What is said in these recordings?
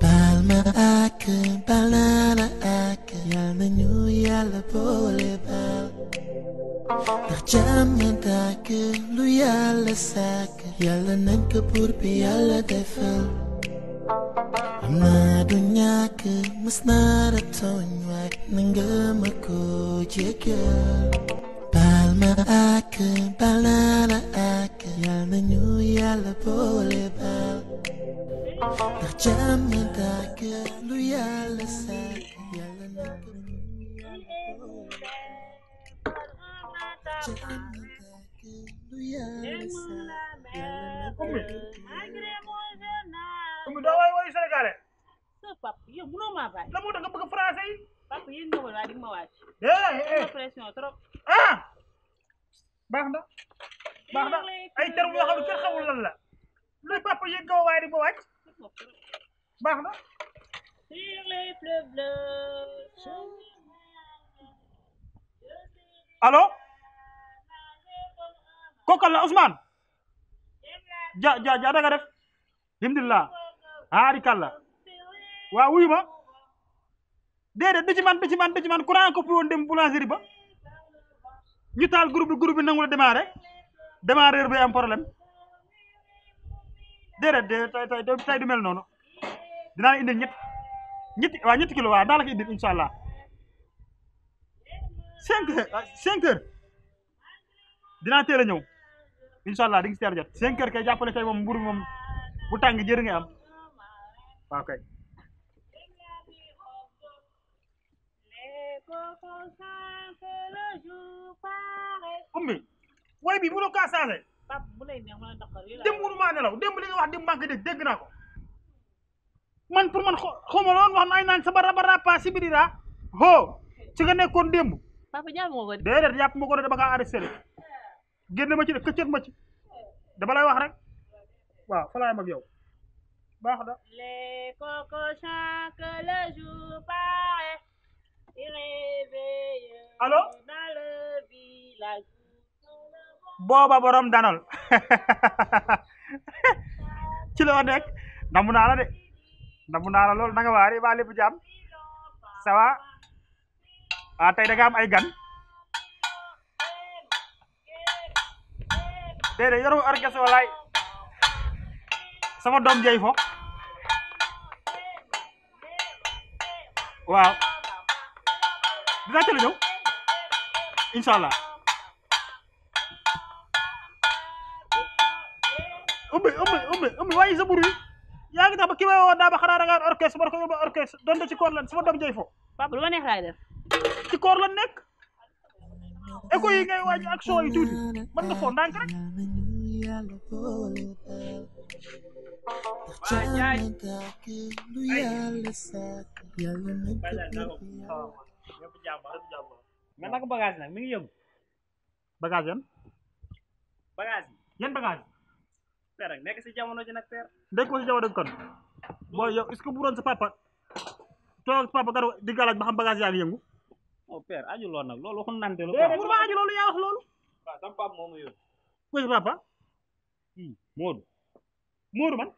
Palma ma ak baal yalla ak ñu yàlla boole baal ndax jàmm na dàkk lu yàlla sàkk yàlla nañ ko buur bi yàlla defal am naa tooñ waaye na ak Oumy doo waay waay sénégalais. sa papa yow munoo maa bàyyi. la moo tax nga bëgg français yi. papa yéen ñëwal waa di ma wàcc. eh pression trop. ah baax na. baax na ay termes lan la. luy papa yéen nga waa di ma baax na. sur kokal la Ousmane ja ja ja daga def alhamdulilah haari kalla waaw wuyu ma déedéet du ci man du ci man du ci man courant coupé woon dem boulangerie ba ñu taal groupe bi groupe bi nangu la démarré démarreur bi tay tay noonu dinaa la indil ñett waa ñetti kilo waaw daa la ko indil incha allah cinq heures ah, ñëw inshallah di ngi ci teel jot 5 heures kay jàpp tay mom mburu mom bu tang jër nga ya, am waaw kay ummi way bi bu mënoo kaa changé dem mburu mënuma nelaw dem li nga wax dem bank ngi deg dégg ko man pour man xawma lon wax nay nan sa bara bara pa sibirira ho ci nga nekkon dem papa jàpp ma ko déedéet yap mo ko da baka arrestere génn ma ci def këccëg ma ci dama wax rek waaw fa laay mag yow baax na les cocochons booba borom danal ci loo nekk namu naa la de namu naa la lool na nga waari ba lépp jàmm ça va ah tey da nga am ay gan ɗeɗe yeru argese walay sama dom jeey fo wow dina tele ñëw inshallah umbe umbe umbe umbe way sa buru yaa ngi tax ba ki may woo daa ba xanaa da ngaa orchestre barko ko yóbbu orchestre donte ci kor lan sama dom jeey fo papa ya, lu ma neex lay def ci kor lan nek eko eh, yi ngay waji ak soo yi tuti man nga fo ndank kan? rek ya lo boleh tahu Jangan takut lu ya lesak Ya lo menutup lu Mana ke bagas nak? nang minum Bagas yan Bagas Yan bagas Ter nak nek si jamono je nak ter Dek ko si jamono Boy yuk, isku ce que buron sa papa karo di galaj ba bagas yaa yëngu Oh Per, aju lo anak, lo lo nante lu ko Pour ma aju lo yaa eh, wax lo Waaw sama papa moo ma yóbbu Moodu Moodu man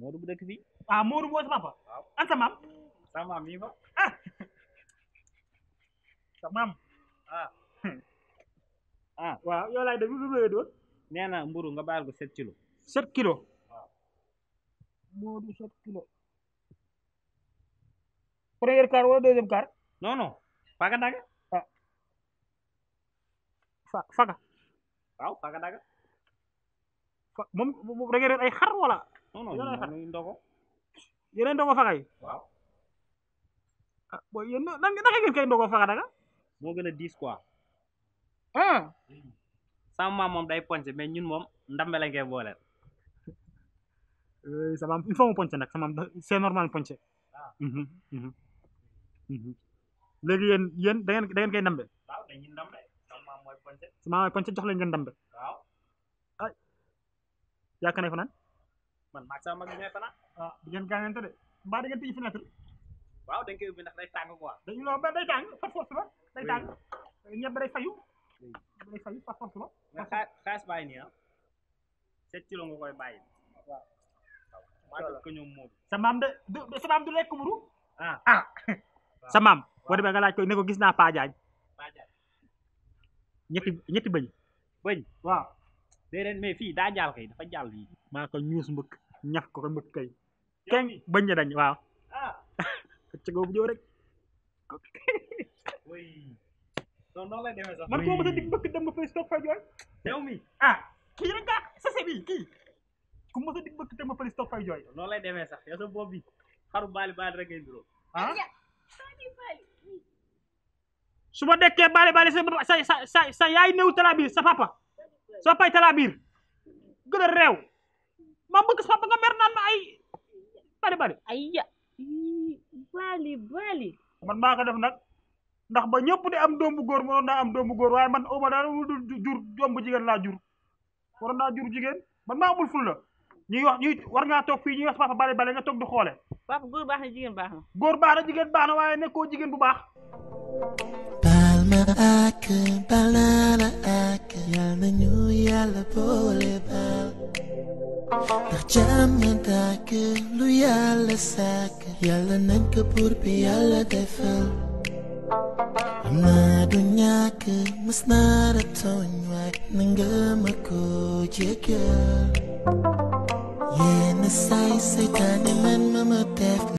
Moodu bu dëkk fii ah, waaw Moodu boo sama papa an sa maam sa maam mii fa ah. Ah. ah waaw yow laay def lu lay doon nee na mburu nga baal ko sept kilo sept kilo waaw Moodu sept kilo premier car wala deuxième car non non faga daga faga waaw faga daga moom da ngeen doon ay xar wala. non non ñun ndogo. yéen ay ndogo faga yi. waaw. Ah, faga daga. moo gën a diis quoi. ah. sama moom day ponce mais ñun moom ndambe la ngeen booleel. Eh, sama il faut mu ponce nag sama c'est normal ponce. Ah. Mhm, mhm, mhm. léegi yéen yéen da ngeen da ngeen koy ndambe. waaw dañuy sama maam mooy ngeen ndambe. yaa kanay fanaan man maag sama mag ah, de ba day tàng par force la maa ko ñoom moom sa maam de sa maam du lekk mburu ñetti bëñ bëñ waaw déedéet mais fii daa jàll kay dafa jàll fii. maa ko ñuus mbëkk ñaf ko ko mbëkk kay. kenn bañ a dañ waaw. ah. ci googu ñëw rek. non noonu lay demee sax. man koo mos a dig mbëkk dem nga fay toog fay jooy. yow mi ah. kii rek ah sase bi kii. ku mos a dig mbëkk dem nga fay toog fay jooy. noonu lay demee sax yow sa bopp bi xaru baali baali rek ngay niroo. ah. su ma dekkee baali baali sa sa sa sa yaay néew talaa bi sa papa. so pay tala bir gëna rew ma bëgg sama nga mer nan ma ay bari bari ayya bali bali kan, man maa ko def nak ndax ba ñepp di am dombu gor mo na am dombu gor góor man uma daal jur dombu jigen la jur war na jur jigen man ma amul ful la ñuy wax ñi war nga tok fi ñi wax papa bari bari nga tok du xolé papa gor baax na jigen baax na gor baax na jigen baax na waye ne ko jigen bu baax bal ma ak bal yàlla boole baal ndax lu yàlla sàkk yàlla na ko buur bi yàlla defal am du ñàkk mës naa la tooñ waay na nga ma ko jéggal yenn saay saytaane man ma ma def